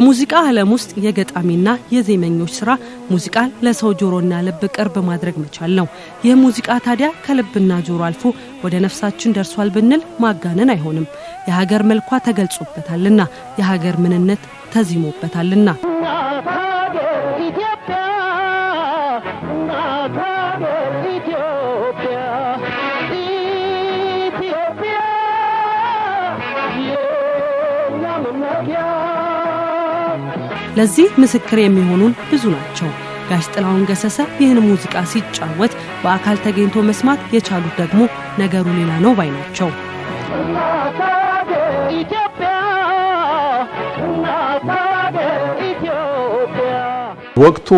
በሙዚቃ ዓለም ውስጥ የገጣሚና የዜመኞች ስራ ሙዚቃን ለሰው ጆሮና ልብ ቅርብ ማድረግ መቻል ነው። ይህ ሙዚቃ ታዲያ ከልብና ጆሮ አልፎ ወደ ነፍሳችን ደርሷል ብንል ማጋነን አይሆንም። የሀገር መልኳ ተገልጾበታልና፣ የሀገር ምንነት ተዚሞበታልና ለዚህ ምስክር የሚሆኑን ብዙ ናቸው። ጋሽ ገሰሰ ይህን ሙዚቃ ሲጫወት በአካል ተገኝቶ መስማት የቻሉት ደግሞ ነገሩ ሌላ ነው ባይ ናቸው። ወቅቱ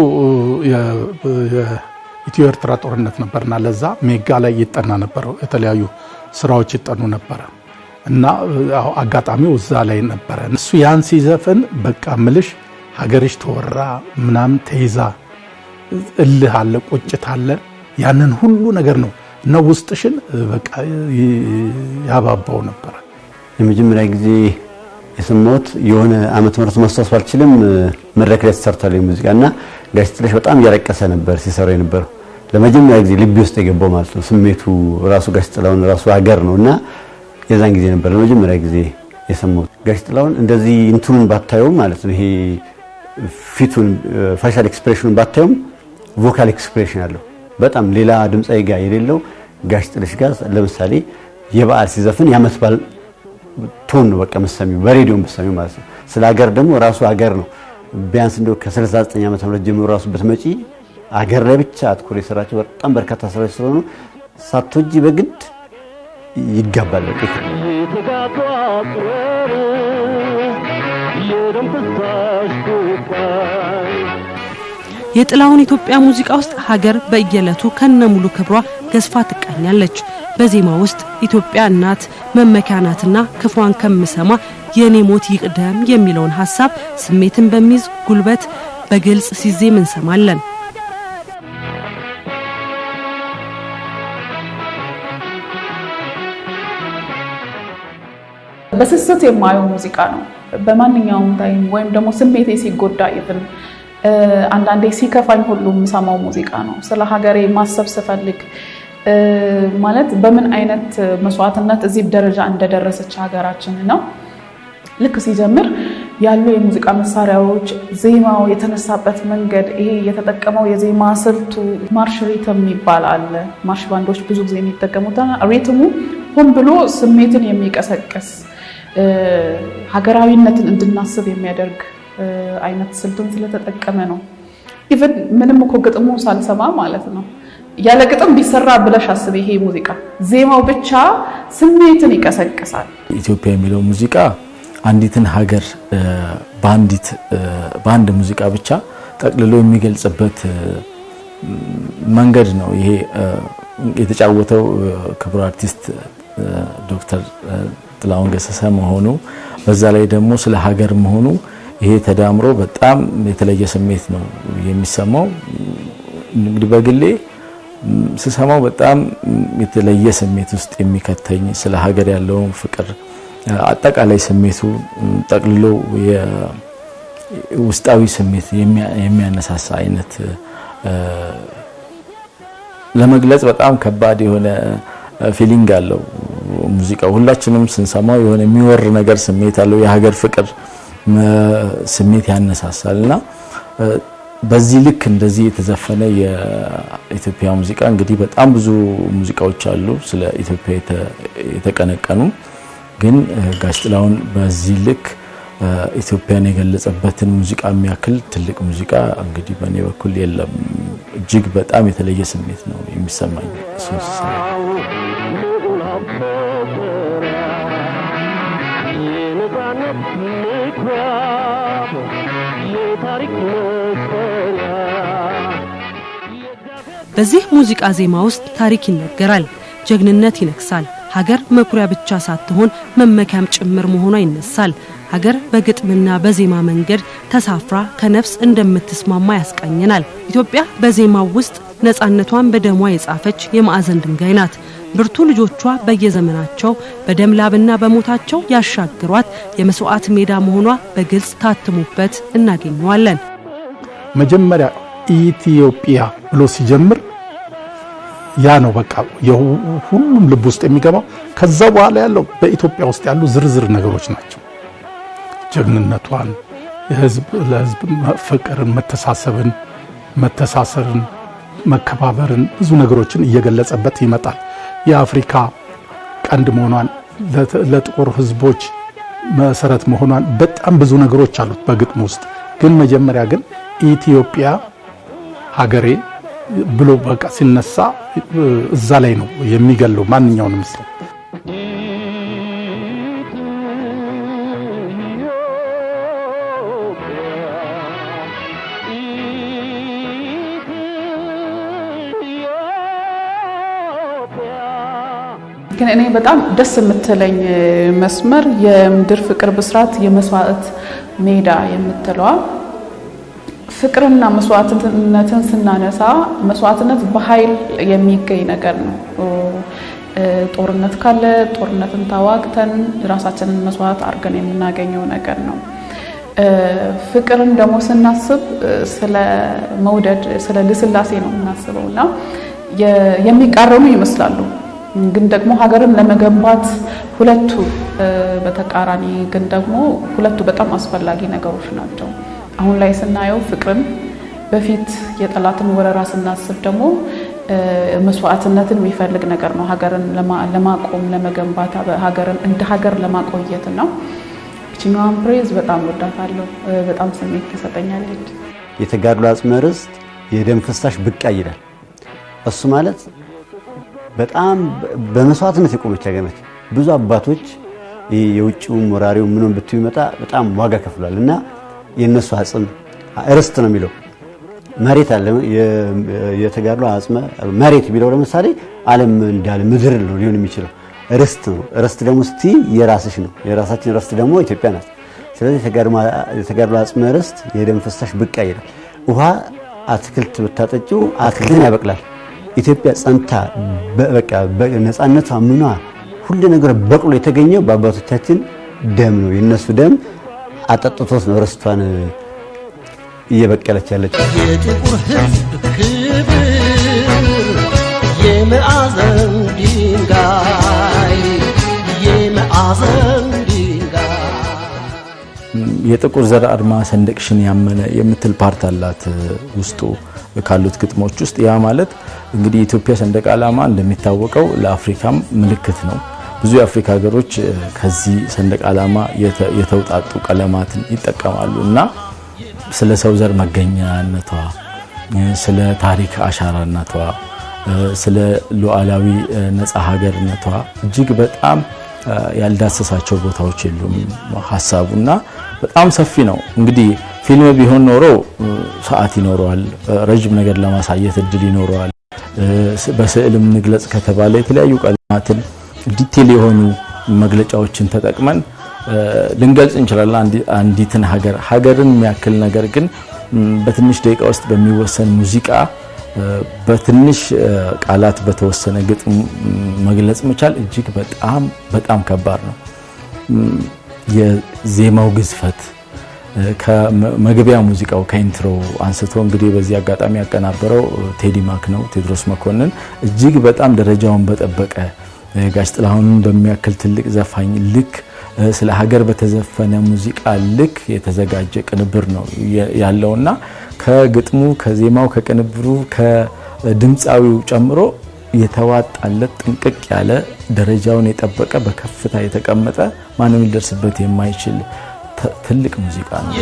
የኢትዮ ኤርትራ ጦርነት ነበርና ለዛ ሜጋ ላይ ይጠና ነበረው። የተለያዩ ስራዎች ይጠኑ ነበረ እና አጋጣሚው እዛ ላይ ነበረ። እሱ ያን ሲዘፍን በቃ ምልሽ ሀገርሽ ተወራ ምናምን ተይዛ እልህ አለ፣ ቁጭት አለ። ያንን ሁሉ ነገር ነው እና ውስጥሽን በቃ ያባባው ነበረ። የመጀመሪያ ጊዜ የሰማሁት የሆነ አመት ምሕረቱ ማስታወስ ባልችልም። መድረክ ላይ ተሰርቷል ሙዚቃ እና ጋሽ በጣም እያለቀሰ ነበር ሲሰራ የነበረው ለመጀመሪያ ጊዜ ልቤ ውስጥ የገባው ማለት ነው። ስሜቱ ራሱ ጋሽ ራሱ ሀገር ነው እና የዛን ጊዜ ነበር ለመጀመሪያ ጊዜ የሰማሁት ጋሽ እንደዚህ እንትኑን ባታየው ማለት ነው ይሄ ፊቱን ፋሻል ኤክስፕሬሽኑን ባታዩም ቮካል ኤክስፕሬሽን አለው። በጣም ሌላ ድምፃዊ ጋር የሌለው ጋሽ ጥልሽ ጋር ለምሳሌ የበዓል ሲዘፍን የዓመት በዓል ቶን ነው በቃ የምትሰሚው በሬዲዮም የምትሰሚው ማለት ነው። ስለ ሀገር ደግሞ ራሱ ሀገር ነው። ቢያንስ እንደው ከ69 ዓመተ ምህረት ጀምሮ ራሱ በተመጪ አገር ላይ ብቻ አትኩሮ የሰራቸው በጣም በርካታ ስራዎች ስለሆኑ ሳቶጂ በግድ ይጋባል። የጥላሁን ኢትዮጵያ ሙዚቃ ውስጥ ሀገር በየዕለቱ ከነሙሉ ክብሯ ገዝፋ ትቃኛለች። በዜማ ውስጥ ኢትዮጵያ እናት መመኪያ ናትና ክፏን ከምሰማ የእኔ ሞት ይቅደም የሚለውን ሀሳብ ስሜትን በሚይዝ ጉልበት በግልጽ ሲዜም እንሰማለን። በስስት የማየው ሙዚቃ ነው። በማንኛውም ታይም ወይም ደግሞ ስሜቴ ሲጎዳ አንዳንዴ ሲከፋኝ ሁሉ የምሰማው ሙዚቃ ነው። ስለ ሀገሬ ማሰብ ስፈልግ ማለት በምን አይነት መስዋዕትነት እዚህ ደረጃ እንደደረሰች ሀገራችን ነው። ልክ ሲጀምር ያሉ የሙዚቃ መሳሪያዎች፣ ዜማው የተነሳበት መንገድ፣ ይሄ የተጠቀመው የዜማ ስልቱ ማርሽ ሪትም ይባላል። ማርሽ ባንዶች ብዙ ጊዜ የሚጠቀሙት ሪትሙ ሆን ብሎ ስሜትን የሚቀሰቅስ ሀገራዊነትን እንድናስብ የሚያደርግ አይነት ስልቱን ስለተጠቀመ ነው። ኢቨን ምንም እኮ ግጥሙ ሳልሰማ ማለት ነው ያለ ግጥም ቢሰራ ብለሽ አስብ። ይሄ ሙዚቃ ዜማው ብቻ ስሜትን ይቀሰቅሳል። ኢትዮጵያ የሚለው ሙዚቃ አንዲትን ሀገር በአንድ ሙዚቃ ብቻ ጠቅልሎ የሚገልጽበት መንገድ ነው። ይሄ የተጫወተው ክቡር አርቲስት ዶክተር ጥላሁን ገሰሰ መሆኑ በዛ ላይ ደግሞ ስለ ሀገር መሆኑ ይሄ ተዳምሮ በጣም የተለየ ስሜት ነው የሚሰማው። እንግዲህ በግሌ ስሰማው በጣም የተለየ ስሜት ውስጥ የሚከተኝ ስለ ሀገር ያለውን ፍቅር አጠቃላይ ስሜቱ ጠቅልሎ ውስጣዊ ስሜት የሚያነሳሳ አይነት ለመግለጽ በጣም ከባድ የሆነ ፊሊንግ አለው ሙዚቃው። ሁላችንም ስንሰማው የሆነ የሚወር ነገር ስሜት አለው የሀገር ፍቅር ስሜት ያነሳሳል እና በዚህ ልክ እንደዚህ የተዘፈነ የኢትዮጵያ ሙዚቃ እንግዲህ በጣም ብዙ ሙዚቃዎች አሉ ስለ ኢትዮጵያ የተቀነቀኑ። ግን ጋሽ ጥላሁን በዚህ ልክ ኢትዮጵያን የገለጸበትን ሙዚቃ የሚያክል ትልቅ ሙዚቃ እንግዲህ በእኔ በኩል የለም። እጅግ በጣም የተለየ ስሜት ነው የሚሰማኝ። የታሪክ በዚህ ሙዚቃ ዜማ ውስጥ ታሪክ ይነገራል፣ ጀግንነት ይነግሳል። ሀገር መኩሪያ ብቻ ሳትሆን መመኪያም ጭምር መሆኗ ይነሳል። ሀገር በግጥምና በዜማ መንገድ ተሳፍራ ከነፍስ እንደምትስማማ ያስቃኘናል። ኢትዮጵያ በዜማው ውስጥ ነፃነቷን በደሟ የጻፈች የማዕዘን ድንጋይ ናት። ብርቱ ልጆቿ በየዘመናቸው በደም ላብና በሞታቸው ያሻግሯት የመስዋዕት ሜዳ መሆኗ በግልጽ ታትሞበት እናገኘዋለን። መጀመሪያ ኢትዮጵያ ብሎ ሲጀምር ያ ነው በቃ የሁሉም ልብ ውስጥ የሚገባው። ከዛ በኋላ ያለው በኢትዮጵያ ውስጥ ያሉ ዝርዝር ነገሮች ናቸው። ጀግንነቷን፣ የህዝብ ለህዝብ ፍቅርን፣ መተሳሰብን መተሳሰርን መከባበርን፣ ብዙ ነገሮችን እየገለጸበት ይመጣል። የአፍሪካ ቀንድ መሆኗን ለጥቁር ህዝቦች መሰረት መሆኗን በጣም ብዙ ነገሮች አሉት በግጥም ውስጥ ግን መጀመሪያ ግን ኢትዮጵያ ሀገሬ ብሎ በቃ ሲነሳ እዛ ላይ ነው የሚገለው ማንኛውንም ሰው። ግን እኔ በጣም ደስ የምትለኝ መስመር የምድር ፍቅር ብስራት የመስዋዕት ሜዳ የምትለዋ ፍቅርና መስዋዕትነትን ስናነሳ መስዋዕትነት በኃይል የሚገኝ ነገር ነው። ጦርነት ካለ ጦርነትን ታዋግተን ራሳችንን መስዋዕት አድርገን የምናገኘው ነገር ነው። ፍቅርን ደግሞ ስናስብ ስለ መውደድ፣ ስለ ልስላሴ ነው የምናስበው እና የሚቃረኑ ይመስላሉ። ግን ደግሞ ሀገርን ለመገንባት ሁለቱ በተቃራኒ ግን ደግሞ ሁለቱ በጣም አስፈላጊ ነገሮች ናቸው። አሁን ላይ ስናየው ፍቅርን በፊት የጠላትን ወረራ ስናስብ ደግሞ መስዋዕትነትን የሚፈልግ ነገር ነው። ሀገርን ለማቆም ለመገንባት፣ ሀገርን እንደ ሀገር ለማቆየት ነው። ችኛዋን ፕሬዝ በጣም ወዳታለሁ። በጣም ስሜት ትሰጠኛለች። የተጋድሎ አጽመ ርስት የደም ፍሳሽ ብቅ ይላል። እሱ ማለት በጣም በመስዋዕትነት የቆመች ሀገር ነች። ብዙ አባቶች የውጭውም ወራሪው ምንም ብትዩ ይመጣ በጣም ዋጋ ከፍሏል እና የእነሱ አጽም ርስት ነው የሚለው መሬት አለ። የተጋድሎ አጽመ መሬት የሚለው ለምሳሌ ዓለም እንዳለ ምድር ነው ሊሆን የሚችለው ርስት ነው። ርስት ደግሞ ስቲ የራስሽ ነው። የራሳችን ርስት ደግሞ ኢትዮጵያ ናት። ስለዚህ የተጋድሎ አጽመ ርስት የደም ፍሳሽ ብቅ ይላል። ውሃ አትክልት ብታጠጪው አትክልትን ያበቅላል። ኢትዮጵያ ጸንታ በቃ በነፃነቷ ምኗ ሁሉ ነገር በቅሎ የተገኘው በአባቶቻችን ደም ነው። የነሱ ደም አጠጥቶት ነው ርስቷን እየበቀለች ያለች የጥቁር ሕዝብ ክብር የመአዘን ድንጋይ የመአዘን የጥቁር ዘር አድማ ሰንደቅሽን ያመነ የምትል ፓርት አላት ውስጡ ካሉት ግጥሞች ውስጥ። ያ ማለት እንግዲህ የኢትዮጵያ ሰንደቅ ዓላማ እንደሚታወቀው ለአፍሪካም ምልክት ነው። ብዙ የአፍሪካ ሀገሮች ከዚህ ሰንደቅ ዓላማ የተውጣጡ ቀለማትን ይጠቀማሉ እና ስለ ሰው ዘር መገኛነቷ፣ ስለ ታሪክ አሻራነቷ፣ ስለ ሉዓላዊ ነፃ ሀገርነቷ እጅግ በጣም ያልዳሰሳቸው ቦታዎች የሉም ሀሳቡና በጣም ሰፊ ነው። እንግዲህ ፊልም ቢሆን ኖሮ ሰዓት ይኖረዋል፣ ረጅም ነገር ለማሳየት እድል ይኖረዋል። በስዕልም እንግለጽ ከተባለ የተለያዩ ቀለማትን ዲቴል የሆኑ መግለጫዎችን ተጠቅመን ልንገልጽ እንችላለን አንዲትን ሀገር። ሀገርን የሚያክል ነገር ግን በትንሽ ደቂቃ ውስጥ በሚወሰን ሙዚቃ በትንሽ ቃላት በተወሰነ ግጥም መግለጽ መቻል እጅግ በጣም በጣም ከባድ ነው። የዜማው ግዝፈት ከመግቢያ ሙዚቃው ከኢንትሮ አንስቶ እንግዲህ በዚህ አጋጣሚ ያቀናበረው ቴዲ ማክ ነው፣ ቴድሮስ መኮንን እጅግ በጣም ደረጃውን በጠበቀ ጋሽ ጥላሁንን በሚያክል ትልቅ ዘፋኝ ልክ ስለ ሀገር በተዘፈነ ሙዚቃ ልክ የተዘጋጀ ቅንብር ነው ያለውና ከግጥሙ ከዜማው ከቅንብሩ ከድምፃዊው ጨምሮ የተዋጣለት ጥንቅቅ ያለ ደረጃውን የጠበቀ በከፍታ የተቀመጠ ማንም ሊደርስበት የማይችል ትልቅ ሙዚቃ ነው።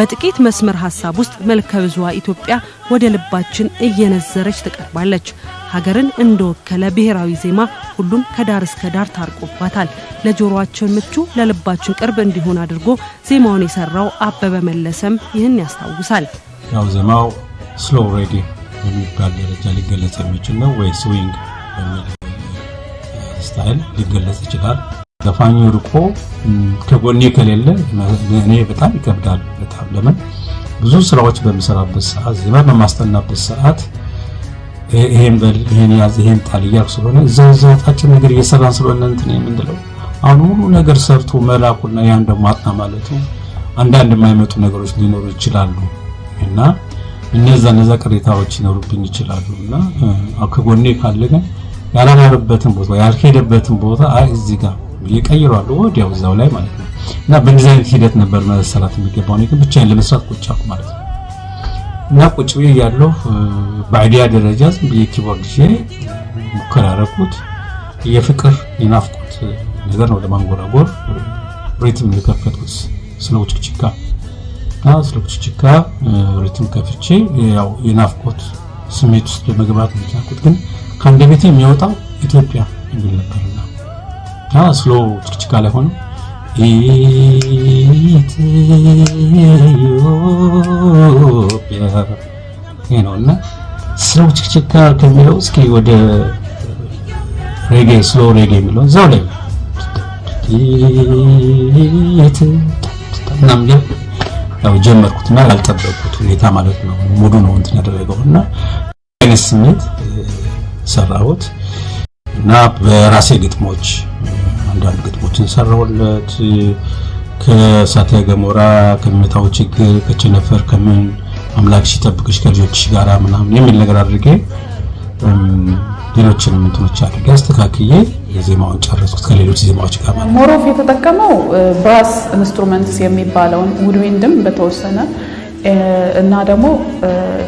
በጥቂት መስመር ሀሳብ ውስጥ መልከ ብዙዋ ኢትዮጵያ ወደ ልባችን እየነዘረች ትቀርባለች። ሀገርን እንደወከለ ብሔራዊ ዜማ ሁሉም ከዳር እስከ ዳር ታርቆባታል። ለጆሮአችን ምቹ፣ ለልባችን ቅርብ እንዲሆን አድርጎ ዜማውን የሰራው አበበ መለሰም ይህን ያስታውሳል። ያው ዜማው ስሎ ሬዲ በሚባል ደረጃ ሊገለጽ የሚችል ነው ወይ ስዊንግ በሚል ስታይል ሊገለጽ ይችላል። ዘፋኙ ርቆ ከጎኔ ከሌለ እኔ በጣም ይከብዳል። በጣም ለምን ብዙ ስራዎች በምሰራበት ሰዓት ዜማ በማስጠናበት ሰዓት ይሄን በል ይሄን ያዝ ይሄን ጣል እያልኩ ስለሆነ ዘዘታችን ነገር እየሰራን ስለሆነ እንትን የምንለው አሁን ሁሉ ነገር ሰርቶ መላኩና ያን ደግሞ አጥና ማለቱ አንዳንድ የማይመጡ ነገሮች ሊኖሩ ይችላሉ እና እነዛ እነዛ ቅሬታዎች ሊኖሩብኝ ይችላሉ እና ከጎኔ ካለ ግን ያላማረበትን ቦታ ያልሄደበትን ቦታ አይ እዚህ ጋር ይቀይሯሉ ወዲያው እዛው ላይ ማለት ነው። እና በእንደዚህ አይነት ሂደት ነበር መሰላት የሚገባው። እኔ ግን ብቻዬን ለመስራት ቁጭ አልኩ ማለት ነው። እና ቁጭ ብዬ እያለሁ በአይዲያ ደረጃ ዝም ብዬ ኪቦርድ ይዤ ሙከራረኩት። የፍቅር የናፍቆት ነገር ነው ለማንጎራጎር ሪትም የከፈትኩት ስለ ውጭጭካ እና ስለ ውጭጭካ ሪትም ከፍቼ ያው የናፍቆት ስሜት ውስጥ በመግባት ነው። ግን ከአንደበቴ የሚወጣው ኢትዮጵያ የሚል ነበር። ስሎ ችች ላይ ሆኖ ኢትዮጵያ ነው እና ስሎ ችክችካ ከሚለው እስኪ ወደ ሬጌ ስሎ ሬጌ የሚለው እዛው ላይ ጀመርኩትና ያልጠበቅኩት ሁኔታ ማለት ነው። ሙዱ ነው እንትን ያደረገው እና አይነት ስሜት ሰራሁት። እና በራሴ ግጥሞች አንዳንድ ግጥሞችን ሰራሁለት። ከእሳተ ገሞራ፣ ከሚመታው ችግር፣ ከቸነፈር፣ ከምን አምላክ ሲጠብቅሽ ከልጆችሽ ጋራ ምናምን የሚል ነገር አድርጌ ሌሎችንም እንትኖች አድርጌ አስተካክዬ የዜማውን ጨረስኩት ከሌሎች ዜማዎች ጋር ማለት ሞሮፍ የተጠቀመው ብራስ ኢንስትሩመንትስ የሚባለውን ውድዊንድም በተወሰነ እና ደግሞ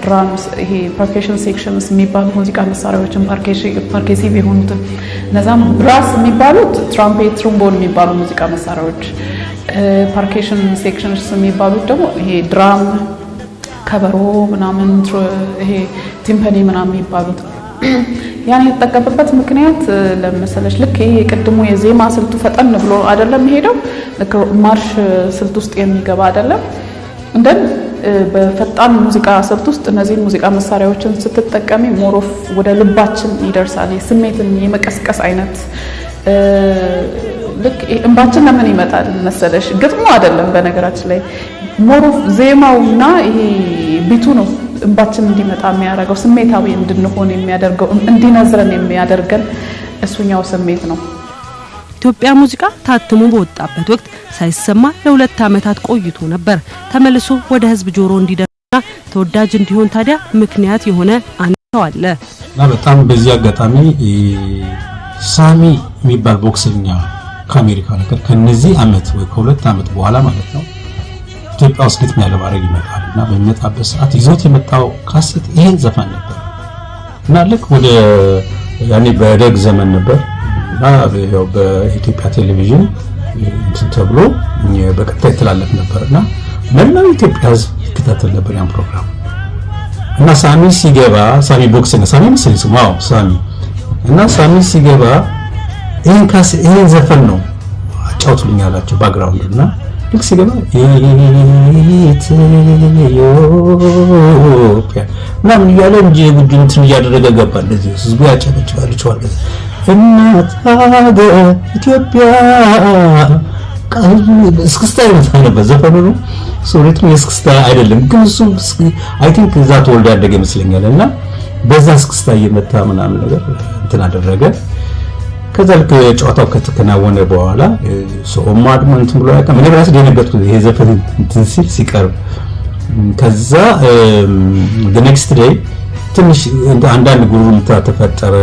ድራምስ ይሄ ፓርኬሽን ሴክሽንስ የሚባሉ ሙዚቃ መሳሪያዎችን ፓርኬሲቭ የሆኑትን እነዛም ብራስ የሚባሉት ትራምፔት፣ ትሩምቦን የሚባሉ ሙዚቃ መሳሪያዎች፣ ፓርኬሽን ሴክሽንስ የሚባሉት ደግሞ ይሄ ድራም፣ ከበሮ ምናምን ይሄ ቲምፐኒ ምናምን የሚባሉት ያን የተጠቀምበት ምክንያት ለመሰለች ልክ ይሄ የቅድሙ የዜማ ስልቱ ፈጠን ብሎ አይደለም ሄደው ማርሽ ስልት ውስጥ የሚገባ አይደለም እንደን በፈጣን ሙዚቃ ስልት ውስጥ እነዚህን ሙዚቃ መሳሪያዎችን ስትጠቀሚ ሞሮፍ ወደ ልባችን ይደርሳል። ስሜትን የመቀስቀስ አይነት ልክ እንባችን ለምን ይመጣል መሰለሽ? ግጥሙ አይደለም በነገራችን ላይ ሞሮፍ ዜማውና ይሄ ቢቱ ነው እንባችን እንዲመጣ የሚያደርገው ስሜታዊ እንድንሆን የሚያደርገው እንዲነዝረን የሚያደርገን እሱኛው ስሜት ነው። የኢትዮጵያ ሙዚቃ ታትሞ በወጣበት ወቅት ሳይሰማ ለሁለት ዓመታት ቆይቶ ነበር። ተመልሶ ወደ ህዝብ ጆሮ እንዲደርስና ተወዳጅ እንዲሆን ታዲያ ምክንያት የሆነ አንድ ሰው አለ እና በጣም በዚህ አጋጣሚ ሳሚ የሚባል ቦክሰኛ ከአሜሪካ ነገር ከነዚህ አመት ወይ ከሁለት አመት በኋላ ማለት ነው ኢትዮጵያ ውስጥ ያለ ማድረግ ይመጣል እና በሚመጣበት ሰዓት ይዞት የመጣው ካሴት ይሄን ዘፈን ነበር እና ልክ ወደ ያኔ በደግ ዘመን ነበር እና በኢትዮጵያ ቴሌቪዥን ተብሎ በቀጥታ ይተላለፍ ነበር እና መላው ኢትዮጵያ ህዝብ ይከታተል ነበር ያን ፕሮግራም እና ሳሚ ሲገባ ሳሚ ቦክስ ነው ሳሚ ምስል ስሙ አዎ ሳሚ እና ሳሚ ሲገባ ይሄን ካስ ይሄን ዘፈን ነው አጫውቱልኝ አላቸው ባክግራውንድ እና ልክ ሲገባ ኢትዮጵያ ምናምን እያለ እንጂ ጉድ እንትን እያደረገ ገባ እንደዚህ ህዝቡ ያጨበጭባል ይችዋል እናት ሀገር ኢትዮጵያ እስክስታ ይመጣ ነበር ዘፈኑ ነው። የእስክስታ አይደለም ግን እሱ አይ ቲንክ እዛ ተወልዶ ያደገ ይመስለኛል። እና በዛ እስክስታ እየመታ ምናምን ነገር እንትን አደረገ። ከዛ ልክ ጨዋታው ከተከናወነ በኋላ ሰውም አድሞ እንትን ብሎ ያውቃል። እኔ ራሴ ደነገጥኩት ይሄ ዘፈን እንትን ሲል ሲቀርብ። ከዛ ኔክስት ዴይ ትንሽ አንዳንድ ጉርምታ ተፈጠረ።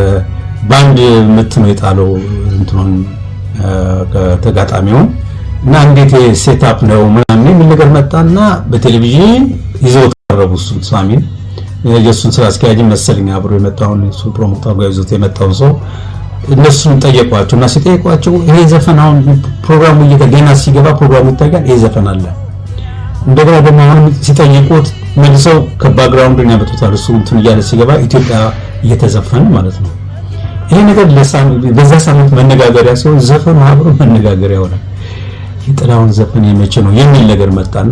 በአንድ ምት ነው የጣለው እንትኑን ተጋጣሚውን እና እንዴት ሴታፕ ነው ምናምን የሚል ነገር መጣና በቴሌቪዥን ይዘው ተቀረቡ። እሱን ሳሚን የእሱን ስራ አስኪያጅ መሰለኝ አብሮ የመጣውን እሱ ፕሮሞተር ጋር ይዞት የመጣውን ሰው እነሱን ጠየቋቸው እና ሲጠየቋቸው ይሄ ዘፈን አሁን ፕሮግራሙ ገና ሲገባ ፕሮግራሙ ይታያል፣ ይሄ ዘፈን አለ። እንደገና ደግሞ አሁንም ሲጠይቁት መልሰው ከባክግራውንድ ያመጡታል። እሱ እንትን እያለ ሲገባ ኢትዮጵያ እየተዘፈን ማለት ነው ይሄ ነገር በዛ ሳምንት መነጋገሪያ ሲሆን ዘፈኑ አብሮ መነጋገሪያ ሆነ። የጥላውን ዘፈን የመቼ ነው የሚል ነገር መጣና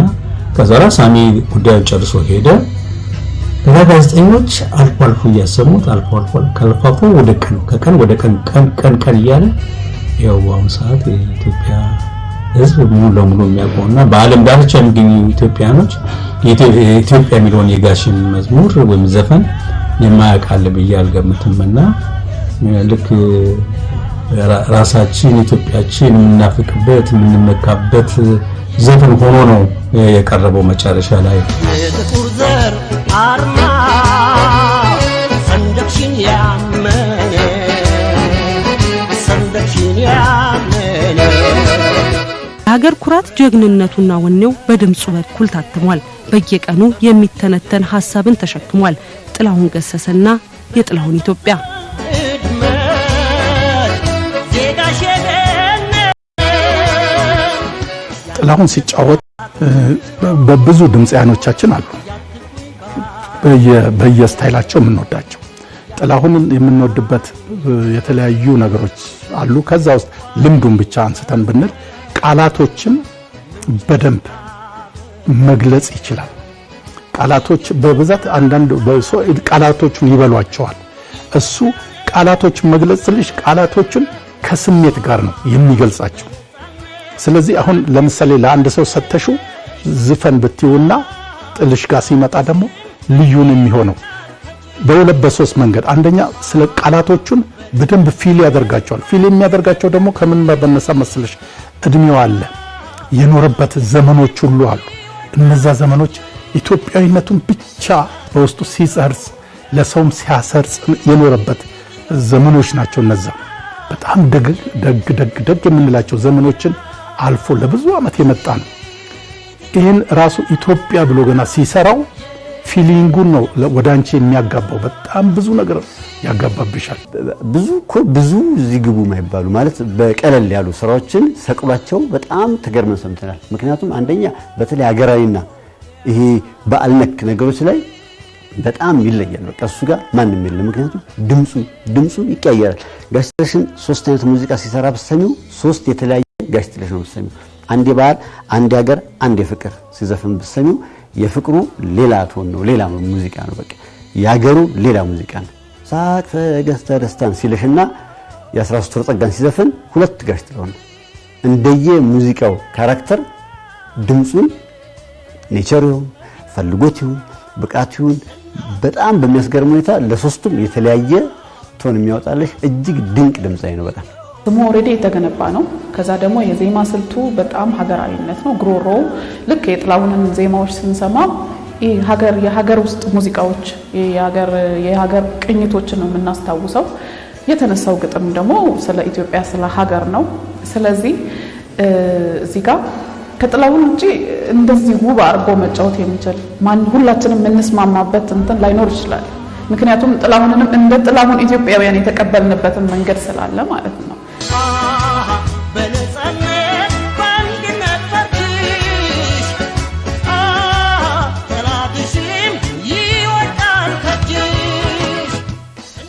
ከዛ ሳሚ ጉዳዩን ጨርሶ ሄደ። ከዛ ጋዜጠኞች አልፎ አልፎ እያሰሙት አልፎ አልፎ ከልፋፎ ወደ ቀን ከቀን ወደ ቀን ቀን ቀን ቀን እያለ ያው በአሁኑ ሰዓት የኢትዮጵያ ሕዝብ ሙሉ ለሙሉ የሚያውቀውና በዓለም ዳርቻ የሚገኙ ኢትዮጵያኖች የኢትዮጵያ የሚለውን የጋሽን መዝሙር ወይም ዘፈን የማያውቅ ብዬ አልገምትምና ልክ ራሳችን ኢትዮጵያችን የምናፍቅበት የምንመካበት ዘፈን ሆኖ ነው የቀረበው መጨረሻ ላይ የጥቁር ዘር አርማ ሰንደቅሽን ያመነ ሰንደቅሽን ያመነ የሀገር ኩራት ጀግንነቱና ወኔው በድምፁ በኩል ታትሟል። በየቀኑ የሚተነተን ሀሳብን ተሸክሟል። ጥላሁን ገሰሰና የጥላሁን ኢትዮጵያ ጥላሁን ሲጫወት በብዙ ድምፃያኖቻችን አሉ በየስታይላቸው የምንወዳቸው ጥላሁንን የምንወድበት የተለያዩ ነገሮች አሉ። ከዛ ውስጥ ልምዱን ብቻ አንስተን ብንል ቃላቶችን በደንብ መግለጽ ይችላል። ቃላቶች በብዛት አንዳንድ ቃላቶቹን ይበሏቸዋል። እሱ ቃላቶችን መግለጽ ቃላቶቹን ቃላቶችን ከስሜት ጋር ነው የሚገልጻቸው። ስለዚህ አሁን ለምሳሌ ለአንድ ሰው ሰተሹ ዝፈን ብትዩና ጥልሽ ጋር ሲመጣ ደግሞ ልዩን የሚሆነው በሁለት በሶስት መንገድ፣ አንደኛ ስለ ቃላቶቹን በደንብ ፊል ያደርጋቸዋል። ፊል የሚያደርጋቸው ደግሞ ከምን በነሳ መስለሽ እድሜው አለ የኖረበት ዘመኖች ሁሉ አሉ። እነዛ ዘመኖች ኢትዮጵያዊነቱን ብቻ በውስጡ ሲጸርጽ ለሰውም ሲያሰርጽ የኖረበት ዘመኖች ናቸው። እነዛ በጣም ደግ ደግ ደግ የምንላቸው ዘመኖችን አልፎ ለብዙ ዓመት የመጣ ነው። ይህን ራሱ ኢትዮጵያ ብሎ ገና ሲሰራው ፊሊንጉን ነው ወደ አንቺ የሚያጋባው። በጣም ብዙ ነገር ያጋባብሻል። ብዙ እኮ ብዙ እዚህ ግቡ የማይባሉ ማለት በቀለል ያሉ ስራዎችን ሰቅሏቸው በጣም ተገርመን ሰምተናል። ምክንያቱም አንደኛ በተለይ ሀገራዊና ይሄ በዓል ነክ ነገሮች ላይ በጣም ይለያል። በቃ እሱ ጋር ማንም የለም። ምክንያቱም ድምፁ ድምፁ ይቀያየራል። ጋሽ ተሽን ሶስት አይነት ሙዚቃ ሲሰራ ብትሰሚው ሶስት የተለያየ ጋሽ ጥለሽ ነው ብትሰሚው። አንዴ ባህል፣ አንዴ ሀገር፣ አንዴ ፍቅር ሲዘፍን ብትሰሚው የፍቅሩ ሌላ ቶን ነው፣ ሌላ ሙዚቃ ነው። በቃ የሀገሩ ሌላ ሙዚቃ ነው። ሳቅ ፈገስተ ደስታን ሲልሽና የ13 ወር ጸጋን ሲዘፍን ሁለት ጋሽ ነው። እንደየ ሙዚቃው ካራክተር ድምፁን ኔቸር ይሁን ፈልጎት ይሁን ብቃት ይሁን በጣም በሚያስገርም ሁኔታ ለሶስቱም የተለያየ ቶን የሚያወጣለሽ እጅግ ድንቅ ድምፃዊ ነው በጣም ስሙ ኦልሬዲ የተገነባ ነው። ከዛ ደግሞ የዜማ ስልቱ በጣም ሀገራዊነት ነው። ግሮሮ ልክ የጥላሁንን ዜማዎች ስንሰማ ሀገር የሀገር ውስጥ ሙዚቃዎች የሀገር ቅኝቶችን ነው የምናስታውሰው። የተነሳው ግጥም ደግሞ ስለ ኢትዮጵያ ስለ ሀገር ነው። ስለዚህ እዚህ ጋር ከጥላሁን ውጭ እንደዚህ ውብ አድርጎ መጫወት የሚችል ማን ሁላችንም የምንስማማበት እንትን ላይኖር ይችላል። ምክንያቱም ጥላሁንንም እንደ ጥላሁን ኢትዮጵያውያን የተቀበልንበትን መንገድ ስላለ ማለት ነው።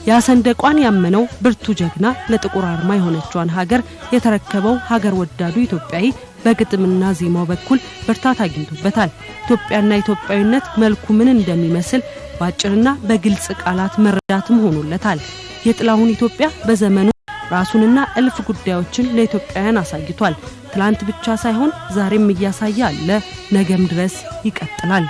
ያሰንደቋን ያመነው ብርቱ ጀግና ለጥቁር አርማ የሆነችዋን ሀገር የተረከበው ሀገር ወዳዱ ኢትዮጵያዊ በግጥምና ዜማው በኩል ብርታት አግኝቶበታል። ኢትዮጵያና ኢትዮጵያዊነት መልኩ ምን እንደሚመስል በአጭርና በግልጽ ቃላት መረዳትም ሆኖለታል። የጥላሁን ኢትዮጵያ በዘመኑ ራሱንና እልፍ ጉዳዮችን ለኢትዮጵያውያን አሳይቷል። ትላንት ብቻ ሳይሆን ዛሬም እያሳየ አለ፣ ነገም ድረስ ይቀጥላል።